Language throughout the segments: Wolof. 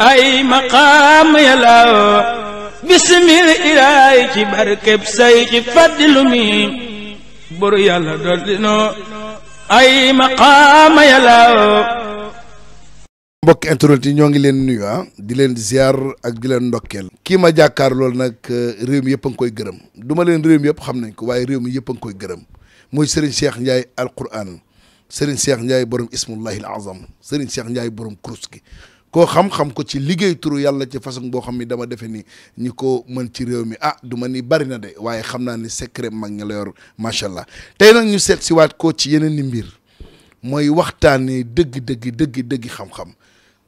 ay maqaam yàllaaw bisimil ilaay ci barkeb say ci faddilu mi buru yàlla doldinoo ay maqaam yàllaaw mbokk internet yi ñoo ngi leen nuyu ah di leen ziar ak di leen ndokkeel kii ma jàkkaar loolu nag eh, réew mi yëpp a ngi koy gërëm du ma leen réew mi yëpp xam nañ ko waaye réew mi yëpp ngi koy gërëm muy Serigne Cheikh Ndiaye alquran Serigne Cheikh Ndiaye borom ismullahil azam Serigne Cheikh Ndiaye borom kurus gi ko xam-xam ko ci liggéey turu yàlla ci façon boo xam ni dama defe ni ñi ko mën ci réew mi ah du ma ni bari na de waaye xam naa ni secret mag ñi la yor macha allah tey nag ñu seet siwaat ko ci yeneen i mbir mooy waxtaan dëgg dëgg dëgg dëgg xam-xam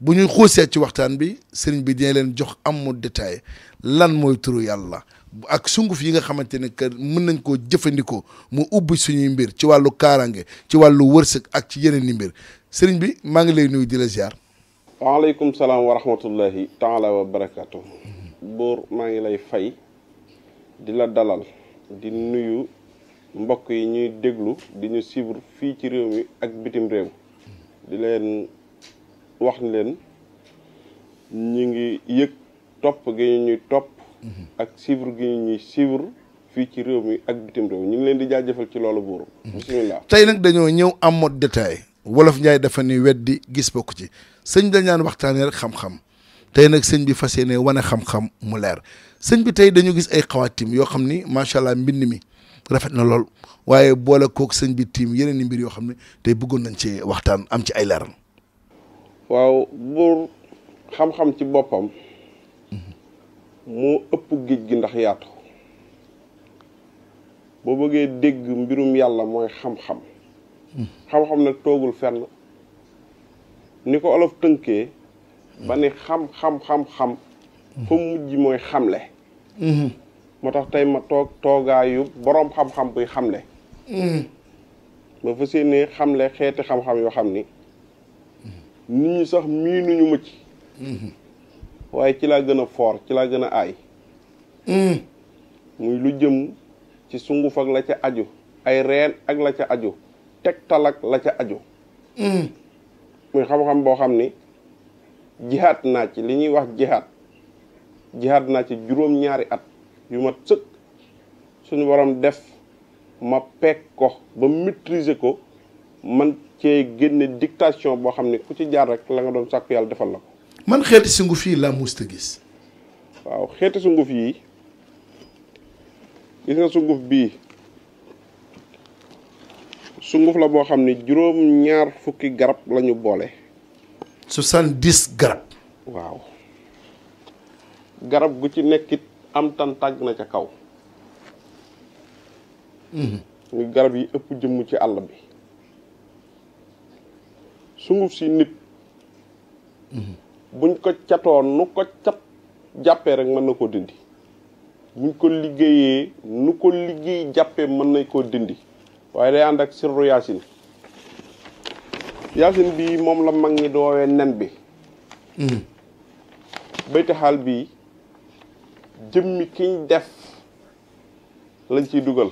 bu ñu xuusee ci waxtaan bi sëriñ bi dina leen jox amu détail lan mooy turu yàlla ak sunguf yi nga xamante ne que mën nañ koo jëfandikoo mu ubbi suñuy mbir ci wàllu kaaraange ci wàllu wërsëg ak ci yeneen i mbir bi maa ngi lay nuyu di la ziar. waaleykum salaam wa rahmatullahi taala wa barakaatu. buur maa ngi lay fay di la dalal di nuyu mbokk yi ñuy déglu di ñu suivre fii ci réew mi ak bitim réew di leen wax leen ñu ngi yëg topp gi ñu ñuy topp ak suivre gi ñu ñuy suivre fii ci réew mi ak bitim réew ñu ngi leen di jaajëfal ci loolu buur bisimilah. tey nag dañoo ñëw am mode détail wolof Njaay dafa ni weddi gis bokk ci sëñ dañ naan waxtaanee rek xam-xam tey nag sëñ bi fas yéene wane xam-xam mu leer sëñ bi tey dañu gis ay xawaatim yoo xam ni macha allah mbind mi rafet na lool waaye boole kook sëñ bi tiim yeneen i mbir yoo xam ne tey bëggoon nañ ci waxtaan am ci ay leeral. waaw buur xam-xam ci boppam. moo ëpp géej gi ndax yaatu. boo bëggee dégg mbirum yàlla mooy xam-xam. xam-xam nag toogul fenn ni ko olof tënkee ba ni xam-xam-xam-xam fa mujj mooy xamle mm-hmm. moo tax tey ma toog toogaayu boroom xam-xam buy xamle mm-hmm. ma fa yéene xamle xeeti xam-xam yoo xam ni nit ñi sax mii nuñu mucc mm-hmm. waaye ci laa gën a foor ci laa gën a aay muy lu jëm ci sunguf ak la ca aju ay reen ak la ca aju tegtal ak la ca ajo mm. muy xam-xam boo xam ni jihaat naa ci li ñuy wax jihaat jihaat naa ci juróom-ñaari at yu ma sëkk suñu borom def ma peeg ko ba maîtriser ko man cee génne dictation boo xam ne ku ci jaar rek la nga doon sàkku yàlla defal la ko man xeeti sunguf yi laa musta gis waaw xeeti sunguf yi gis nga sunguf bii sunguf la boo xam ne juróom ñaar fukki garab lañu boole. soixante-dix garab. waaw garab gu ci nekkit am tàgg na ca kaw. Mhm. garab yi ëpp jëmm ci àll bi sunguf si nit. Mhm. buñ ko catoon nu ko cat jàppee rek mën na koo dindi. buñ ko liggéeyee nu ko liggéey jàppee mën na koo dindi. waaye day ànd ak sirru yaasin yaasin bi moom la mag ñi doowee nen bi hmm. baytaxaal bi jëmmi kiñ def lañ ciy dugal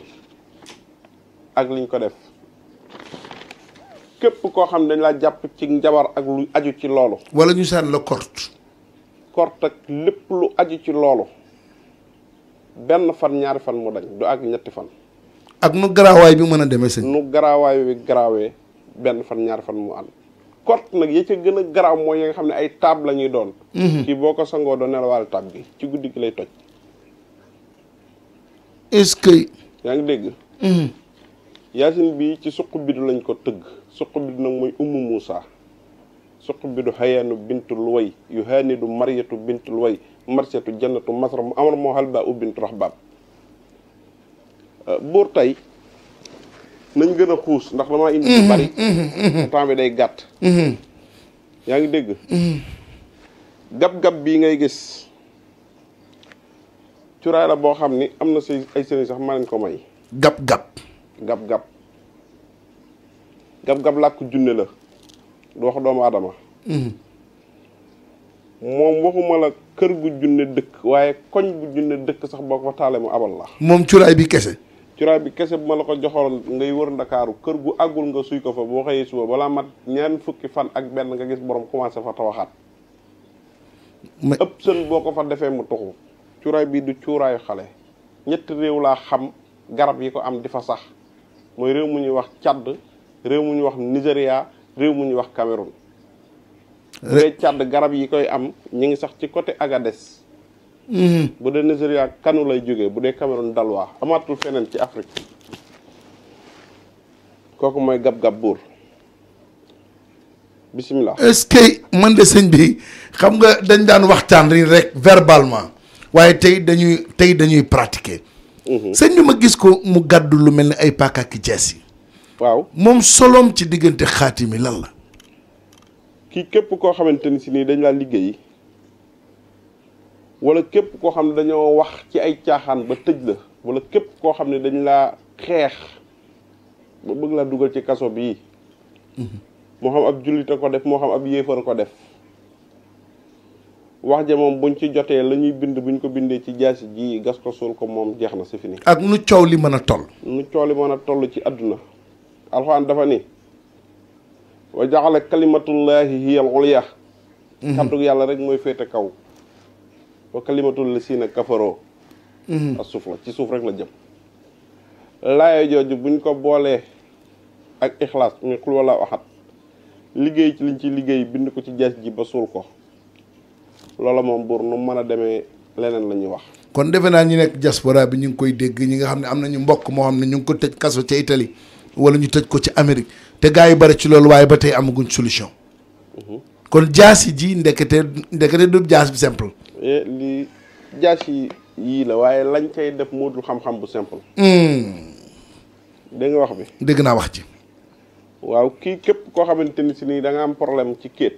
ak liñ ko def képp koo xam dañ laa jàpp ci njabar ak lu aju ci loolu wala ñu sànni la kort kort ak lépp lu aju ci loolu benn fan ñaari fan mu dañ du ak ñetti fan ak nu garaawaay bi mën a demee sëñ. nu garaawaay bi garaawee benn fan ñaar fan mu ànd. kort nag ya ca a garaaw mooy yi nga xam ne ay taab la ñuy doon. Mhm. kii boo ko sangoo doon nelawaale taab gi ci guddi gi lay toj. est-ce yaa ngi dégg. Mhm. yaasin bi ci suq bidu lañ ko tëgg suq bidu nag mooy ummu Moussa suq bidu xayaanu bintu luway yu xaanidu mariyatu bintu luway marsiyatu jannatu masra mu amar moo xal baa u bintu raxbaab buur tey nañ gën a xuus ndax damaa indi lu bari mm-hmm, mm-hmm, mm-hmm. temps bi day gàtt yaa ngi dégg gab-gab bii ngay gis curaay la boo xam ni am na say ay sëriñ sax maa ko may gab-gab gab-gab gab-gab làkk junne la du wax doomu aadama moom waxuma la kër gu junne dëkk waaye koñ gu junne dëkk sax boo ko fa taale mu abal la moom curaay bi kese cuuraay bi kese bu ma la ko joxoon ngay wër ndakaaru kër gu àggul nga suy ko fa boo xëyee suba balaa mat ñeent fukki fan ak benn nga gis borom commencé fa tawaxaat ëpp sën boo ko fa defee mu tuxu cuuraay bii du cuuraayu xale ñetti réew laa xam garab yi ko am di fa sax mooy réew mu ñuy wax càdd réew mu ñuy wax Nigéria réew mu ñuy wax Cameroun bu dee garab yi koy am ñu ngi sax ci côté Agadez bu dee Nigeria kanu lay jógee bu dee Cameroun dalwaa amaatul feneen ci Afrique kooku mooy gab-gab buur bisimilah. est-ce man de sëñ bi xam nga dañ daan waxtaan rek verbalement waaye tey dañuy tey dañuy pratiquer. Mhm. sëñ bi ma gis ko mu gàdd lu mel ni ay paaka ak jees yi. waaw moom soloom ci diggante xaati mi lan la. kii képp koo xamante ni si nii dañ laa liggéey. wala képp koo xam ne dañoo wax ci ay caaxaan ba tëj la wala képp koo xam ne dañ laa xeex ba bëgg laa dugal ci kaso bii mm-hmm. moo xam ab jullit ko def moo xam ab yéefar a ko def wax ja moom buñ ci jotee la ñuy bind buñ ko bindee ci jaasi ji gas ko suul ko moom jeex na si fi ni ak nu coow li mën a toll nu coow li mën a toll ci àdduna alxuraan dafa ni wa jaxale kalimatullahi hiya al xam mm-hmm. kàddu yàlla rek mooy féete kaw wa kalimatul la siina kafaroo mhm. ak suuf la ci suuf rek la jëm laaya jooju buñ ko boolee ak ixlaas muy xul wala waxat liggéey ci liñ ci liggéey bind ko ci jaas ji ba suul ko loolu moom buur nu mën a demee leneen la wax kon defe naa ñi nekk diaspora bi ñu ngi koy dégg ñi nga xam ne am nañu mbokk moo xam ne ñu ngi ko tëj kaso ca Italie wala ñu tëj ko ci amerique te gars yi bari ci loolu waaye ba tey amaguñ solution mhm. kon jaas yi ji ndekete ndekete du jaas bi simple E li jaas yii la waaye lañ kay def moo dul xam-xam bu simple. Hmm. dégg nga wax bi. dégg naa wax ci. waaw kii képp koo xamante ni si nii da am problème ci kéet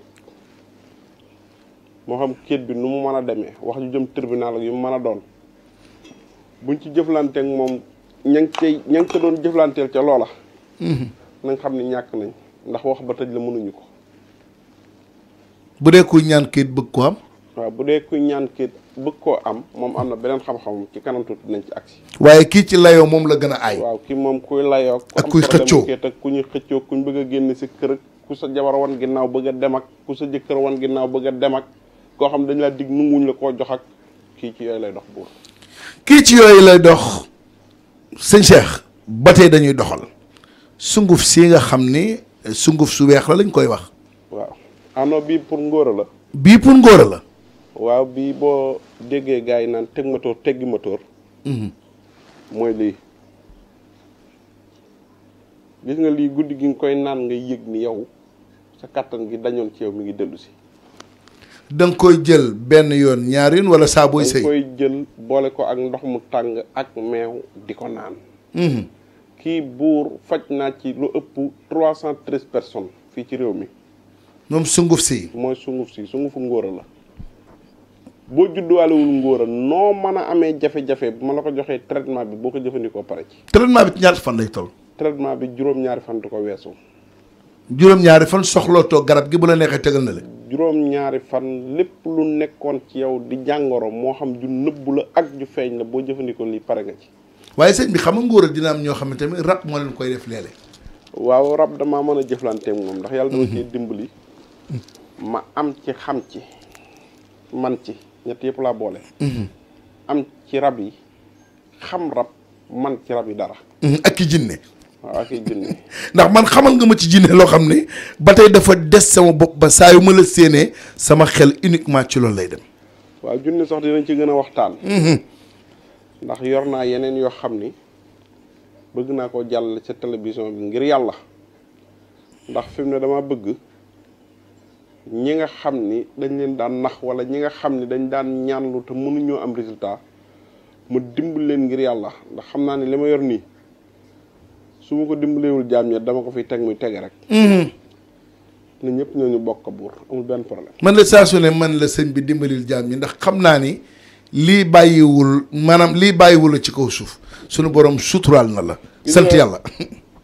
moo xam kéet bi nu mu mën a demee wax ju jëm tribunal ak yu mu mën a doon buñ ci jëflanteeg moom ña ngi cay ña doon jëflanteel ca loola. Hmm. na xam ne ñàkk nañ ndax wax ba tëj la mënuñu ko. bu dee kuy ñaan kéet bëgg ko am. waaw bu dee kuy ñaan ki bëgg koo am moom am na beneen xam-xamam ci kanam tuuti nañ ci agsi waaye kii ci layoo moom la gën a ay waaw kii moom kuy layoo ak kuy xëccoo ak ku ñu xëccoo kuñ bëgg a génn si kër ku sa jabar wan ginnaaw bëgg a ku sa jëkkër wan ginnaaw bëgg a dem ak koo xam dañ laa dig nunguñ la koo jox ak kii ci yooyu lay dox buur kii ci yooyu lay dox sëñ Cheikh ba tey dañuy doxal sunguf si nga xam ni sunguf su weex la lañ koy wax waaw ano bii pour ngóora la bii pour ngóora la waaw bii boo déggee gars yi naan teg motoor teggi motoor mhm. mooy lii gis nga lii guddi gi nga koy naan nga yëg ni yow sa kàttan gi dañoon ci yow mi ngi dellu si koy jël benn yoon ñaari walla wala saa booy sëy da koy jël boole ko ak ndox mu tàng ak meew di ko naan mhm. kii buur faj naa ci lu ëpp trois cent treize personnes fii ci réew mi moom sunguf si mooy sunguf si sungufu ngóora la boo judduwaalewul ngóora noo mën a amee jafe-jafe bu ma la ko joxee traitement bi boo ko jëfandikoo pare ci. traitement bi ñaari fan lay toll. traitement bi juróom-ñaari fan du ko weesu. juróom-ñaari fan soxlootoo garab gi bu la neexee tegal na la. juróom-ñaari fan lépp lu nekkoon ci yow di jàngoro moo xam ju nëbbu la ak ju feeñ la boo jëfandikoo lii pare nga ci. waaye sëñ bi xam nga ngóora dina am ñoo xam ne tamit rab moo leen koy def léeg waaw rab damaa mën a jëflanteeg moom ndax yàlla dama mhm. cee dimbali. ma am ci xam ci man ci. ñett yëpp laa boole. Mhm. am ci rab yi xam rab man ci rab yi dara. Mhm. ak ki jinne waaw ak ki jinne ndax man xamal nga ma ci jinne loo xam ne ba tey dafa des sama bopp ba saa yu ma la séenee sama xel uniquement ci loolu lay dem. waaw junne sax dinañ ci gën a waxtaan. Mhm. ndax yor naa yeneen yoo xam ni bëgg naa ko jàll ca télévision bi ngir yàlla ndax fi ne dama bëgg. ñi nga xam ni dañ leen daan nax wala ñi nga xam ni dañ daan ñaanlu te mënuñoo am résultat mu dimbal leen ngir yàlla ndax xam naa ne li ma yor nii su ma ko dimbalewul jaam ña dama ko fi teg muy tege rek. Mhm. na ñëpp ñoo ñu bokk buur amul benn problème. man la saa su ne man la sëñ bi dimbalil jaam ñi ndax xam naa ni lii bàyyiwul maanaam lii bàyyiwul la ci kaw suuf sunu boroom suturaal na la. sant yàlla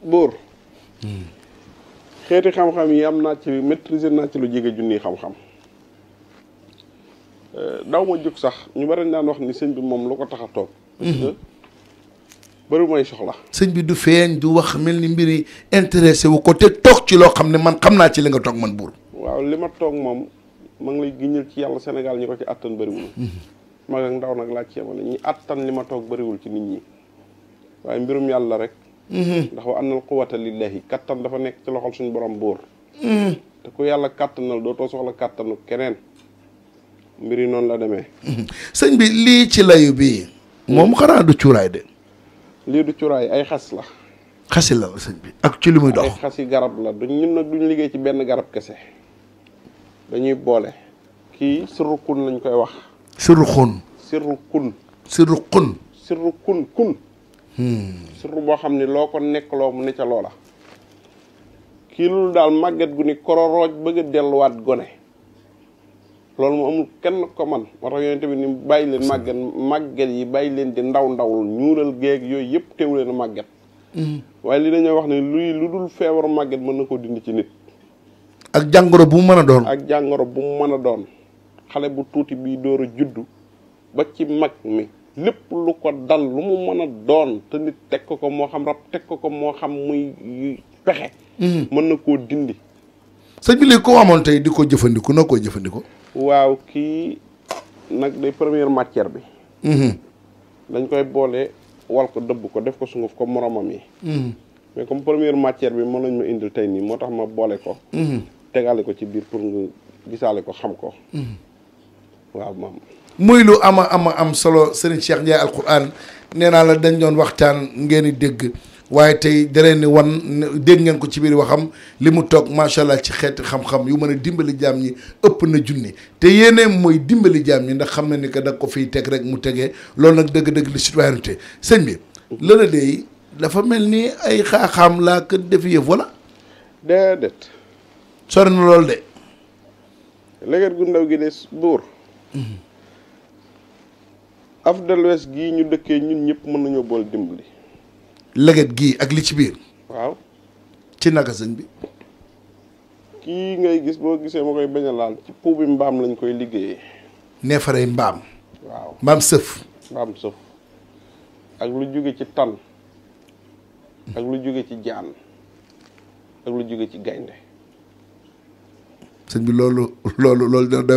buur. Hmm. xeeti xam-xam yi am naa ci maîtriser naa ci lu jege junni xam-xam euh, daw ma jóg sax ñu bari daan wax ni sëñ bi moom lu ko tax a toog. parce que mhm. bëri mooy soxla. sëñ bi du feeñ du wax mel ni mbir yi intéressé wu ko te toog ci loo xam ne man xam naa ci li nga toog man buur. waaw li ma toog moom ma ngi lay giñal ci yàlla Sénégal ñi ko ci attan bëriwul. Mhm. mag ak ndaw nag laa ci yemale ñi attan li ma toog bariwul ci nit ñi waaye mbirum yàlla rek. ndax wa annal quwata lillahi kàttan dafa nekk ci loxol suñu borom buur te ku yàlla kàttanal dootoo soxla kàttanu keneen mbir yi noonu la demee sëñ bi lii ci layu bii moom hmm. xanaa du cuuraay de lii du cuuraay ay xas la xasi la sëñ bi ak ci li muy dox ay xasi garab la du ñun nag duñ liggéey ci benn garab kese dañuy boole kii sirru kun lañ koy wax sirru kun sirru kun sirru kun sirru kun kun surtout boo xam ne loo ko loo mu ne ca loola kii loolu daal màgget gu ni kororooj bëgg a delluwaat gone loolu mu amul kenn ko man moo tax yonent bi ni bàyyi leen màgget màgget yi bàyyi leen di ndaw ndawul ñuulal géeg yooyu yëpp teew leen màgget waaye li dañoo wax ne luy lu dul feebaru màgget mën na ko dindi ci nit ak jàngoro bu mu mën a doon ak jàngoro bu mu mën a doon xale bu tuuti bii door a juddu ba ci mag mi lépp lu ko dal lu mu mën a doon te nit teg ko ko moo xam rab teg ko ko moo xam muy pexe mhm. mën na koo dindi sëñ bi koo amoon tey di ko jëfandiku noo koy jëfandiku waaw kii nag day première matière bi mhm. dañ koy boole wal ko dëbb ko def ko sunguf ko moromam yi mhm. mais comme première matière bi mën nañ ma indil tey nii moo tax ma boole ko tegale ko ci biir pour nga gisaale ko xam ko waaw maam muy lu ama ama am solo Serigne Cheikh Ndiaye alquran nee naa la dañ doon waxtaan ngeen di dégg waaye tey daree ni wan dégg ngeen ko ci biir waxam li mu toog macha allah ci xeeti xam-xam yu mën a dimbali jaam yi ëpp na junni te yéene mooy dimbali jaam ñi ndax xam na ni que da ko fiy teg rek mu tegee loolu nag dëgg-dëgg li citoyenneté sëñ bi lëla deey dafa mel ni ay xaaxaam laa ko def yëf wala déedéet sori na loolu de légat gu ndaw gi buur mhm. Afrique de l'Ouest gii ñu dëkkee ñun ñëpp mën nañoo bool dimbali. leget gi ak li ci biir. waaw. ci naka sëñ bi. kii ngay gis boo gisee ma koy bañ laal ci pou bi mbaam lañ koy liggéeyee. neefaree mbaam. waaw mbaam sëf. mbaam ak lu jóge ci tan hmm. ak lu jóge ci jaan ak lu jóge ci gaynde sëñ bi loolu loolu loolu dina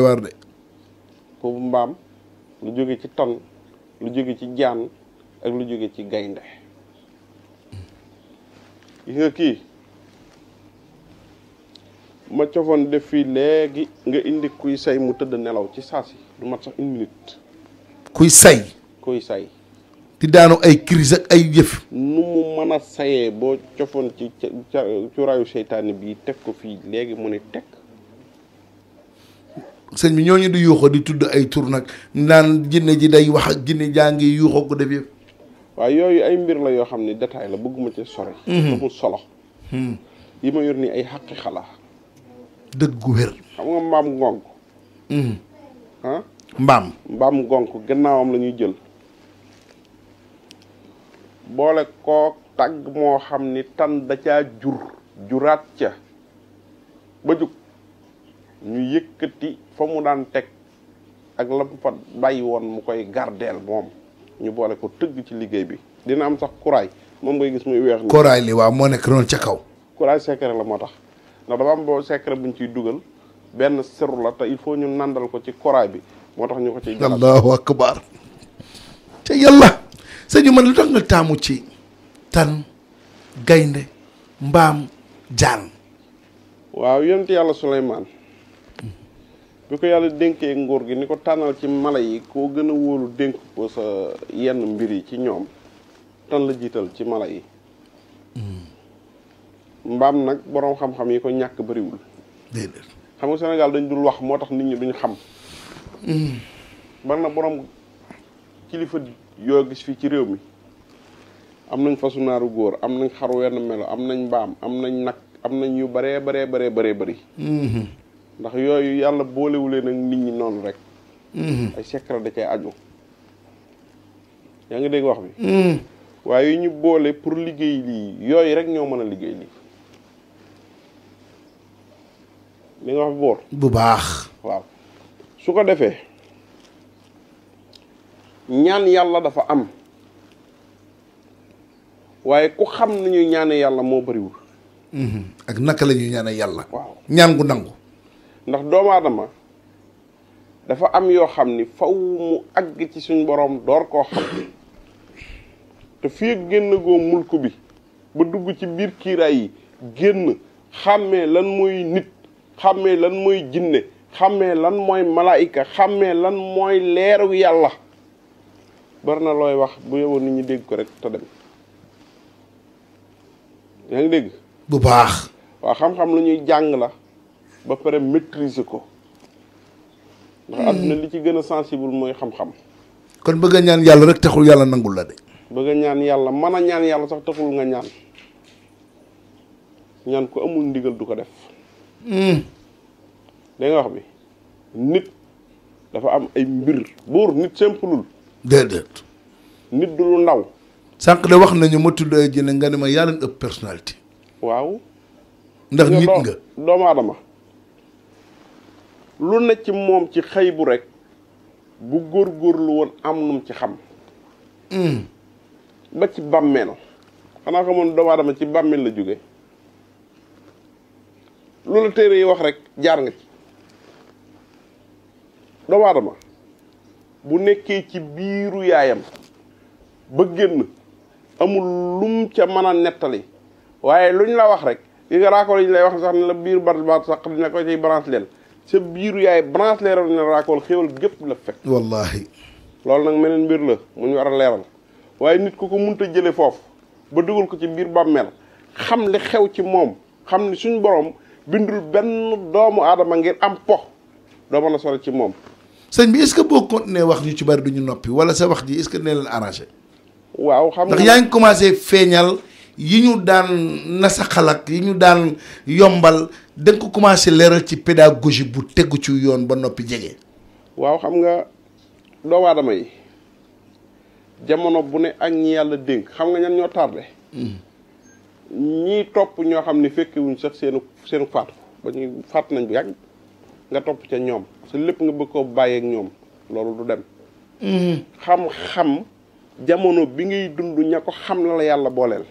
lu jóge ci tan lu jóge ci jaan ak lu jóge ci gaynde gis nga kii ma cofoon def fii léegi nga indi kuy say mu tëdd nelaw ci saa si du mat sax une minute kuy say kuy say di daanu ay crise ak ay jëf nu mu mën a sayee boo cofoon ci curaayu seytaane bii teg ko fii léegi mu ne teg sëñ bi ñooñu di yuuxoo di tudd ay tur nag naan jinne ji day wax ak jinne jaa ngi yuuxoo ko def yëpp waaw yooyu ay mbir la yoo xam ne détail la bëgguma ci sori amul mhm. solo mhm. yi ma yor ni ay xaqi xalaa dëggu wér xam nga mbaam ngonk mhm. ah mbaam ngonk gannaawam la jël boole koo tàgg moo xam ni tan da ca jur juraat ca ba jug ñu yëkkati fa mu daan teg ak la mu fa bàyyi woon mu koy gardeel moom ñu boole ko tëgg ci liggéey bi dina am sax kuraay moom ngay gis muy weex ni kuraay li waaw moo nekk noonu ca kaw kuraay secret la moo tax ndax dafa am boo secret buñ ciy dugal benn seru la te il faut ñu nandal ko ci kuraay bi moo tax ñu ko ciy allahu akbar te yàlla sëñu man lu tax nga taamu ci tan gaynde mbaam jaan waaw yonent yàlla Suleymaan bi ko yàlla dénkee nguur gi ni ko tànnal ci mala yi koo gën a wóolu dénk ko sa yenn mbir yi ci ñoom tan la jiital ci mala yi hmm. mbaam nag boroom xam-xam yi ko ñàkk bariwul xam nga Sénégal dañ dul wax moo tax nit ñi duñ xam hmm. bari na boroom kilifa yoo gis fii ci réew mi am nañ fasu naaru góor am nañ xaru wenn melo am nañ mbaam am nañ nag am nañ yu baree baree baree baree bëri hmm. ndax yooyu yàlla boolewulee nag nit ñi noonu rek mm-hmm. ay secret da cay aju yaa ngi dégg wax bi mm-hmm. waaye yu ñu boole pour liggéey lii yooyu rek ñoo mën a liggéey lii li wax bi boor bu baax waaw su ko defee ñaan yàlla dafa am waaye ku xam nañu ñaane yàlla moo bariwul mm-hmm. ak naka la ñuy ñaane yàlla waaw ñaan gu nangu ndax doomaadama dafa am yoo xam ni faw mu àgg ci suñ boroom door koo xam te fii ak génn goo bi ba dugg ci biir kiiraay yi génn xàmmee lan mooy nit xàmmee lan mooy jinne xàmmee lan mooy malaayika xàmmee lan mooy leeru yàlla bari na looy wax bu yowoon nit ñi dégg ko rek te dem yaa ngi dégg bu baax waaw xam-xam lu ñuy jàng la ba pare maîtriser ko. ndax hmm. na li ci gën a sensible mooy xam-xam. kon bëgg a ñaan yàlla rek taxul yàlla nangul la de. bëgg a ñaan yàlla man a ñaan yàlla sax taxul nga ñaan ñaan ko amul ndigal du ko def. Hmm. da nga wax bi nit dafa am ay mbir. buur nit simplul. déedéet. nit du lu ndaw. sànq de wax nañu ma tudd ay jinne nga ne ma yàlla leen ëpp personnalité. waaw. ndax nit nga doomu aadama. lu ne ci moom ci xëy bu rek bu góorgóorlu woon am num ci xam hmm. ba ci bàmmeel xanaa xamoon doomu aadama ci bàmmeel la jóge lu la téere yi wax rek jaar nga ci doomu aadama bu nekkee ci biiru yaayam ba génn amul lum ca mën a nettali waaye luñ la wax rek yi nga raakoo liñ lay wax sax ne la biir bar baat sax dina ko ciy branche leen sa biiru yaay branche leeral na raakool xéwal gépp la fekk. wallaahi. loolu nag meneen mbir la mu ñu war a leeral waaye nit ku ko munta jële foofu ba dugal ko ci biir bàmmeel xam li xew ci moom xam ni suñ borom bindul benn doomu aadama ngir am po doo mën a sore ci moom. sëñ bi est-ce que boo continué wax ñu ci bari duñu noppi wala sa wax ji est-ce que nee leen arrangé. waaw xam ndax yaa ngi commencé feeñal. yi ñu daan nasaxal ak yi ñu daan yombal da nga ko commencé leeral ci pédagogie bu tegu ci yoon ba noppi jege. waaw xam nga doomu aadama yi jamono bu ne ak ñi yàlla dénk xam nga ñan ñoo tardé. Hmm. ñii topp ñoo xam ne fekkewuñ sax seenu seenu faatu ba ñuy faatu nañ bu yàgg nga topp ca ñoom parce lépp nga bëgg koo bàyyeek ñoom loolu du dem. Hmm. xam-xam jamono bi ngay dund ña ko xam la la yàlla booleel.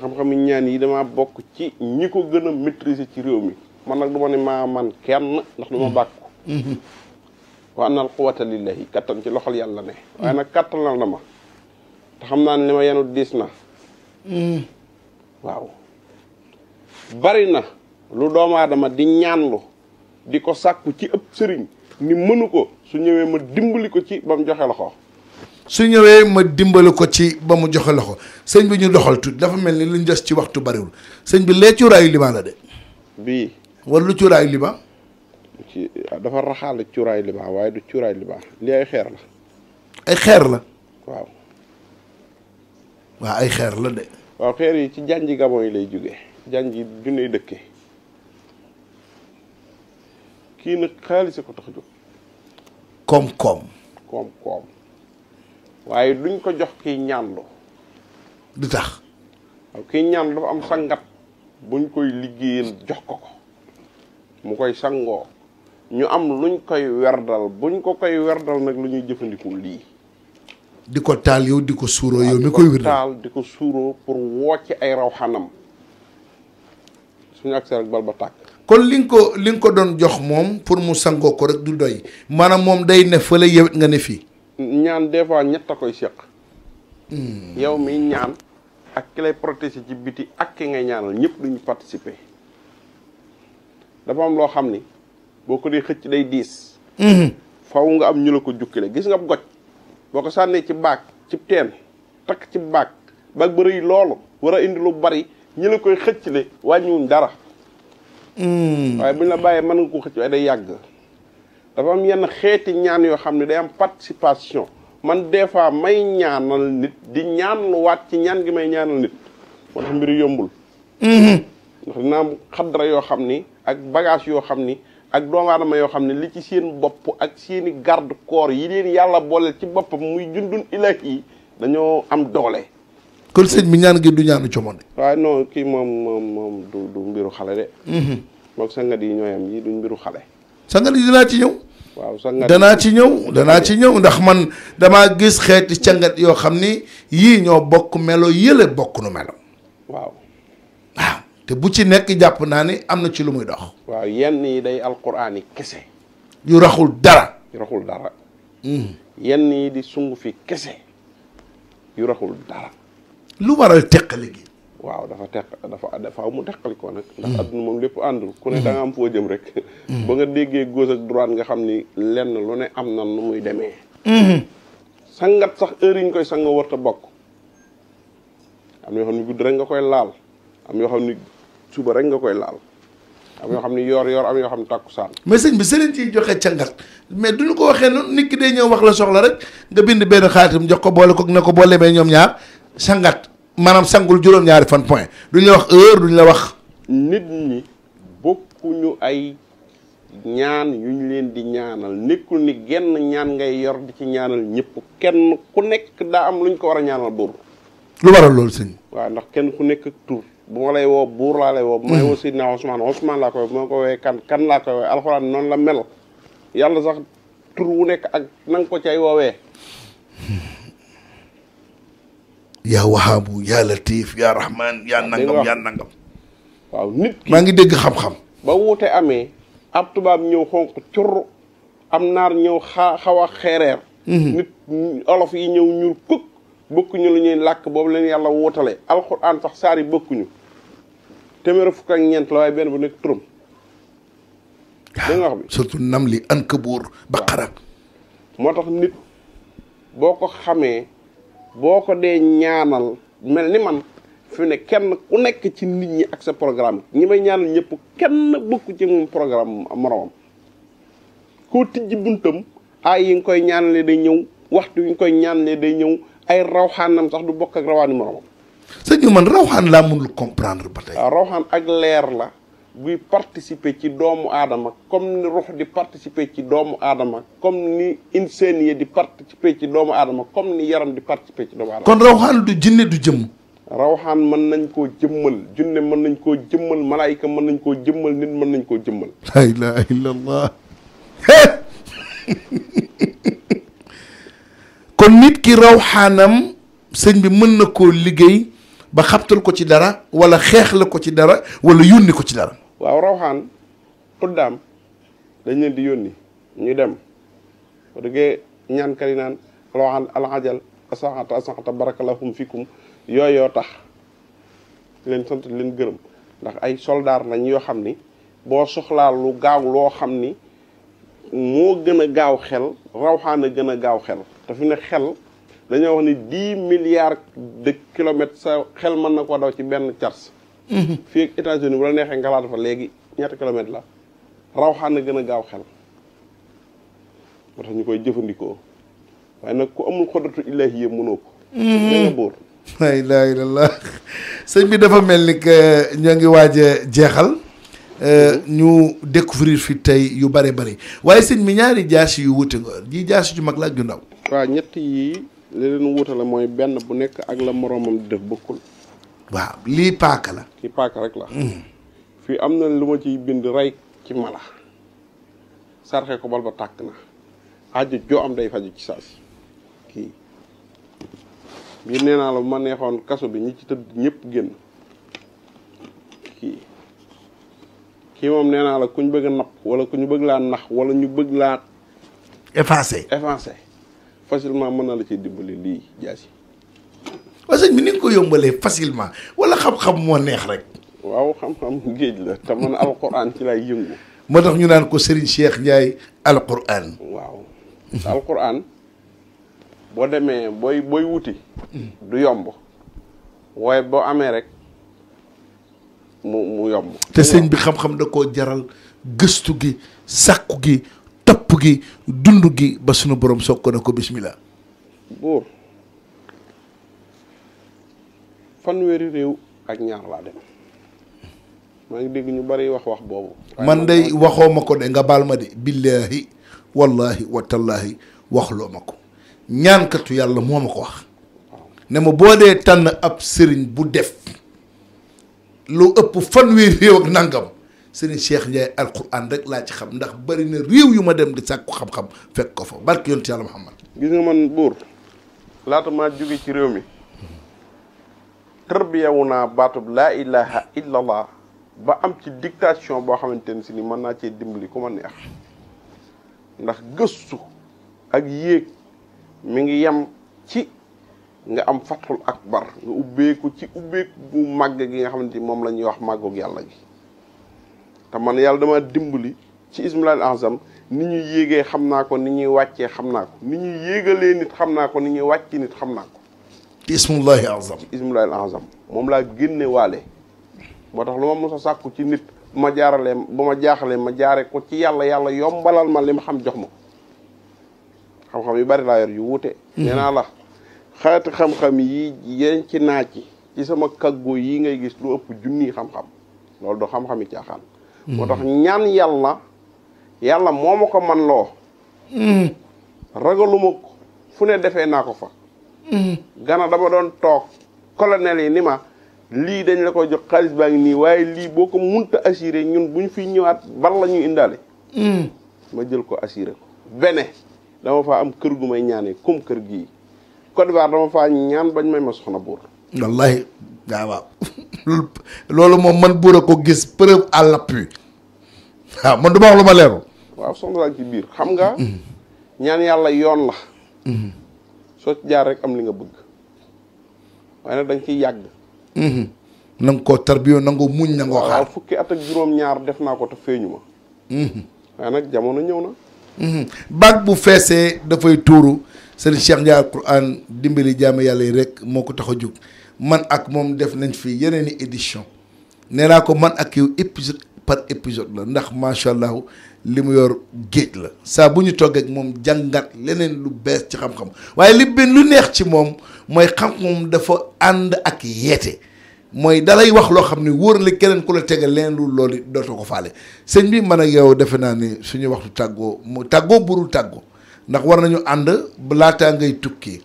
xam-xami ñaan yi damaa bokk ci ñi ko gën a maîtriser ci réew mi man nag du ma maa man kenn ndax du ma bàkku wa anal quwata lillahi kattan ci loxol yàlla ne waaye nag kattanal na ma te xam naa ne li ma yenu diis na waaw bari na lu doomu aadama di ñaanlu di ko sàkku ci ëpp sëriñ ni mënu ko su ñëwee ma dimbali ko ci ba mu joxe loxo su ñëwee ma dimbali ko ci ba mu joxe loxo sëñ bi ñu doxal tuuti dafa mel ni lu ñu des ci waxtu bariwul sëñ bi lee cuuraayu liban la de. bii. war lu cuuraayu liban. ci dafa raxaale cuuraayu waaye du cuuraayu liban lii ay xeer la. ay xeer la. waaw. waaw ay xeer la de. waaw xeer yi ci janji gabon yi lay jóge janji junne dëkke kii nag xaalis ko tax a jóg. koom-koom. koom-koom. waaye duñ ko jox kiy ñaanlu di tax waaw kiy ñaan dafa am sangat buñ koy liggéeyal jox ko ko mu koy sangoo ñu am luñ koy werdal buñ ko koy werdal nag lu ñuy jëfandikoo lii di ko taal yow di ko suuroo yow mi koy wér di ko suuroo pour woo ci ay raw xanam suñu accès rek bal ba tàkk kon li nga ko li ko doon jox moom pour mu sangoo ko rek du doy maanaam moom day ne fële yewet nga ne fii ñaan des fois ñett a koy seq. Hmm. yow mi ñaan ak ki lay protéger ci biti ak ki ngay ñaanal ñëpp ñu participer dafa am loo xam ni boo ko dee xëcc day diis. Hmm. faw nga am ñu la ko jukkile gis nga goj boo ko sànnee ci baag ci teen takk ci baag baag ba rëy loolu war a indi lu bari ñu la koy xëcc le wàññiwuñ dara. Hmm. waaye buñ la bàyyee mën nga ko xëcc waaye day yàgg. dafa yenn xeeti ñaan yoo xam ne day am participation man des fois may ñaanal nit di ñaan waat ci ñaan gi may ñaanal nit moo tax mbir yombul mm-hmm. ndax dina am xadra yoo xam ni ak bagage yoo xam ni ak doomu yoo xam ne li ci seen bopp ak seeni garde corps yi leen yàlla booleel ci boppam muy jundun ilaah yi dañoo am doole kon sëñ bi ñaan gi du ñaanu commande waaw non kii moom moom du mbiru xale de mm-hmm. moom sangat yi ñooyam yi duñ mbiru xale sangal yi dinaa danaa ci ñëw danaa ci ñëw ndax man damaa gis xeeti cangat yoo xam ni yii ñoo bokk melo yële bokk nu melo. waaw. waaw te bu ci nekk jàpp naa ni am na ci lu muy dox. waaw yenn yi day alquran yi kese. yu raxul dara. yu raxul dara. Hmm. yi sungu fi kese yu raxul dara. lu waral teqale gi. waaw dafa teq dafa dafa mu mu teqalikoo nag ndax mm. adduna moom lépp àndul ku ne mm. da am foo jëm rek mm. ba nga déggee gauche ak droite nga xam ni lenn lu ne am na nu muy demee mm-hmm. sangat sax heure yi ñu koy sanga warta bokk am na yoo xam ne gudd rek nga koy laal am yoo xam suba rek nga koy laal am yoo xam ne yoor yoor am yoo xam ne takku mais sëñ bi sëriñ ci joxe cangat mais duñu ko waxee noonu nit ki day ñëw wax la soxla rek nga bind benn xaatim jox ko boole ko ne ko boo lebee ñoom ñaar sangat maanaam sangul juróom-ñaari fan point duñ la wax heure duñ la wax. nit ñi bokkuñu ay ñaan yuñ leen di ñaanal nekkul ni genn ñaan ngay yor di ci ñaanal ñëpp kenn ku nekk daa am luñ ko war a ñaanal buur. lu waral loolu sëñ. waaw ndax kenn ku nekk tur. bu ma lay woo buur laa lay woo. bu ma lay woo mm. Seydina Ousmane Ousmane laa koy bu ma ko woowee kan kan laa koy alxuraan noonu la mel yàlla sax tur wu nekk ak na nga ko cay woowee. Hmm. yaa wahaabu yaa latif yaa rahman yaa nangam yaa nangam waaw nit maa ngi dégg xam-xam ba wuute amee ab tubaab ñëw xonq cur am naar ñëw xaa xaw a xeereer mhm. nit olof yi ñëw ñuul kukk bokkuñu lu ñuy làkk boobu leen yàlla wuutale alxuraan sax saar yi bokkuñu téeméer fukk ak ñeent la waaye benn bu nekk turam da wax bi surtout nam li Ankabuur Baqara moo tax nit boo ko xamee boo ko dee ñaanal mel ni man fi ne kenn ku nekk ci nit ñi ak sa programme ñi may ñaanal ñëpp kenn bokku ci moom programme moroomam koo tijji buntam aay yi nga koy ñaanalee day ñëw waxtu yi nga koy ñaanalee day ñëw ay raw rawxaanam sax du bokk ak rawaani moroomam. sëñ bi man rawxaan laa mënul comprendre ba tey. rawxaan ak leer la. buy participer ci doomu aadama comme ni ruux di participer ci doomu aadama comme ni insaan yi di participer ci doomu aadama comme ni yaram di participer ci doomu aadama. kon rawxaan du jinne du jëmm. rawxaan mën nañ koo jëmmal junne mën nañ koo jëmmal malaayika mën nañ koo jëmmal nit mën nañ koo jëmmal. la ilaha illallah. kon nit ki rawxaanam sëñ bi mën na koo liggéey. ba xabtal ko ci dara wala xeex la ko ci dara wala yónni ko ci dara waaw rawxaan xuddaam dañ leen di yónni ñu dem bu duggee ñaan kari naan rawxaan alxajal asaxata asaxata fikum yooyoo tax leen sant leen gërëm ndax ay soldaar lañ yoo xam ni boo soxlaa lu gaaw loo xam ni moo gën a gaaw xel rawxaan a gën a gaaw xel te fi ne xel dañoo wax ni dix milliards de kilomètres sa xel mën na ko daw ci benn cars fii ak États-Unis bu la neexee ngalaat fa léegi ñetti kilomètres la raw xaan na gën a gaaw xel moo tax ñu koy jëfandikoo waaye nag ku amul xoddatu ilaahi yëpp mënoo ko mm-hmm. danga bóor la sëñ bi dafa mel ni que ñoo ngi waaj a jeexal mm-hmm. ñu découvrir fi tey yu bare bari waaye sëñ mi ñaari jaasi yu wuute nga jaasi ju mag laaj yu ju ndaw waaw ñett yi li leen wuute la mooy benn bu nekk ak la moroomam di def bokkul waaw lii paaka la. kii paaka rek la. fii am na lu ma ciy bind rey ci mala. sarxe ko bal ba tàkk na. aju joo am day faju ci saasi kii bii nee naa la bu ma neexoon kaso bi ñu ci tëdd ñépp génn kii moom nee naa la ku ñu bëgg a napp wala ku ñu bëgg laa nax wala ñu bëgg laa. effacé effacé facilement mën na la ciy dimbali lii jaasi. waa sëñ bi ni nga ko yombalee facilement wala xam-xam moo neex rek. waaw xam-xam géej la te man alquran ci lay yëngu. moo tax ñu naan ko Serigne Cheikh Ndiaye alquran. waaw alquran boo demee booy booy wuti. du yomb waaye boo amee rek mu mu yomb. te sëñ bi xam-xam da koo jaral gëstu gi sàkku gi topp gi dund gi ba sunu borom soog ko ne ko bismillah. fanweeri réew ak ñaar laa dem maa ngi dégg ñu bari wax wax boobu. man day waxoo ma ko de nga baal ma de billaahi wallaahi watallaahi waxloo ma ko ñaankatu yàlla moo ma ko wax. ne ma boo dee tànn ab sëriñ bu def lu ëpp fanweeri réew ak nangam sëriñ Cheikh Ndiaye alquran rek laa ci xam ndax bari na réew yu ma dem di sàkk xam-xam fekk ko fa barke yonent yàlla Muhammad. gis nga man buur laata maa jóge ci réew mi. tërbiyewu naa baatub laa ilaha illallah ba am ci dictation boo xamante ne si ni mën naa cee dimbali ku ma neex ndax gëstu ak yéeg mi ngi yam ci nga am fathul akbar nga ubbeeku ci ubbeeku bu màgg gi nga xamante ni moom la ñuy wax màggook yàlla gi te man yàlla dama dimbali ci ismilal azam ni ñuy yéegee xam naa ko ni ñuy wàccee xam naa ko ni ñuy yéegalee nit xam naa ko ni ñuy wàcc nit xam naa ko ci azam ci azam moom laa génne waale moo tax lu ma mos sàkku ci nit ma jaaralee bu ma jaaxale ma jaare ko ci yàlla yàlla yombalal ma li xam jox ma xam-xam yu bari laa yor yu wuute hmm. nee naa la xeeti xam-xam yi yeen ci naa ci ci sama kaggo yi ngay gis lu ëpp junni xam-xam loolu doo xam-xami caaxaan hmm. moo tax ñaan yàlla yàlla moo ma ko man loo hmm. ragaluma fu ne defee naa ko fa gana dama doon toog colonel yi ni ma lii dañ la ko jox xaalis baa ngi nii waaye lii boo ko munta assuré ñun bu ñu fi ñëwaat bal la ñuy indaale mm. ma jël ko assuré ko bene dama faa am kër gu may ñaanee comme kër gi Côte d'Ivoire dama faa ñaan bañ may ma soxna buur wallahi waaw loolu moom man buur a ko gis preuve à l'appui waaw man du ma wax lu ma leeru waaw soxna ci biir xam nga mm. ñaan yàlla yoon la mm. soo ci jaar rek am li nga bëgg waaye nag da nga yàgg. Mhm. na nga koo tarbiyo na nga muñ na nga xaar. fukki at ak juróom-ñaar def naa ko te feeñu ma. Mhm. waaye nag jamono ñëw na. Mhm. baag bu feesee dafay tuuru seen Cheikh Ndiaye Alquran dimbali jaamu yàlla yi rek moo ko tax a jóg man ak moom def nañ fi yeneen i édition nee naa ko man ak yow épisode par épisode la ndax macha allah li mu yor géej la saa bu ñu toggee moom jàngat leneen lu bees ci xam-xam waaye li benn lu neex ci moom mooy xam-xam dafa ànd ak yeete mooy dalay wax loo xam ne wóor la keneen ku la tegal leneen lu loolu dootoo ko faale sëñ bi mën a yow defe naa ni suñu waxtu tàggoo mu tàggoo burul tàggu ndax war nañu ànd laataa ngay tukki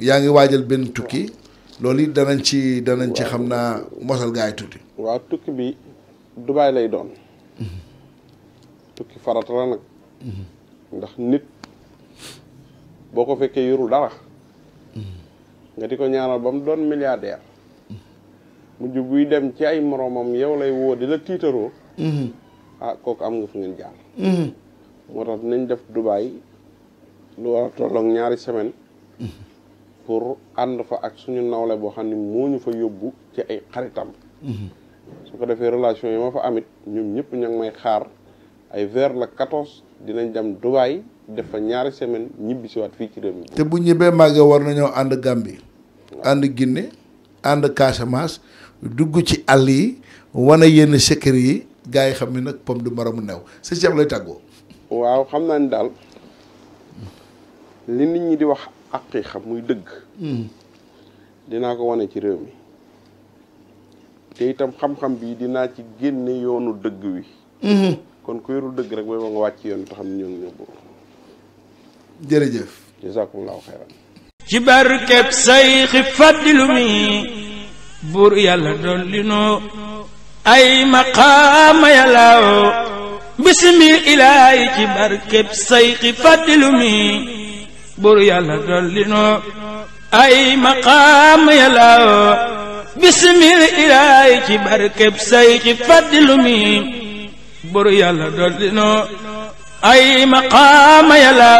yaa ngi waajal benn tukki loolu it danañ ci danañ ci xam naa mosal gaa yi tuuti. waaw tukki bi Dubaay lay doon. farata la nag ndax nit boo ko fekkee yorul dara nga di ko ñaanal ba mu doon milliardaire mujj buy dem ci ay moroomam yow lay woo di la tiitaroo ah kooku am nga fu ngeen jaar moo tax nañ def Dubaï lu war a ñaari semaine pour ànd fa ak suñu nawle boo xam ne moo ñu fa yóbbu ci ay xaritam su ko defee relation yi ma fa amit ñoom ñëpp ña may xaar ay vers la 14 dinañ dem Dubaï def fa ñaari semaine ñibbi si waat fii ci réew mi. te bu ñibbee màggee war nañoo ànd Gambie. ànd Guinée ànd Casamance dugg ci àll yi wane yenn secret yi gars xam ne nag pom du maramu new sa ceeb lay tàggoo. waaw xam naa ni daal li nit ñi di wax àq xam muy dëgg. Hmm. dinaa ko wane ci réew mi te itam xam-xam bi dinaa ci génne yoonu dëgg wi. Hmm. kon ku dëgg rek booy ba nga wàcc yoon te xam ne ñoo ngi ñëw boobu. jërëjëf. jazakumullahu ci barkeb Sayxi Fadilu mi buur yàlla dolli ay maqaama yàlla bismi ilaahi ci barkeb Sayxi Fadilu mi buur buru yàlla dolli noo ay maqaama yàlla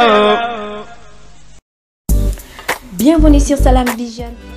Bienvenue sur Salam Vision